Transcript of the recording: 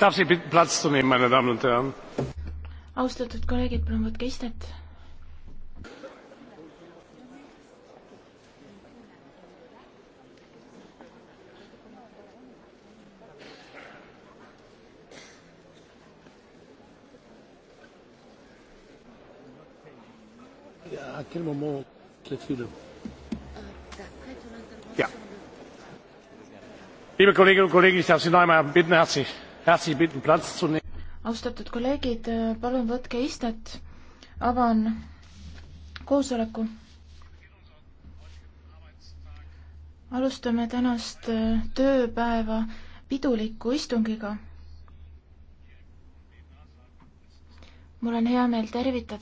Darf Sie bitten, Platz zu nehmen, meine Damen und Herren? austatud kolleegid, palun võtke istet. À quel moment clôt-il Ja. Liebe Kolleginnen und Kollegen, ich darf Sie noch einmal bitten, herzlich austatud kolleegid, palun võtke istet. avan koosoleku. alustame tänast äh, tööpäeva piduliku istungiga. mul on hea meel tervitada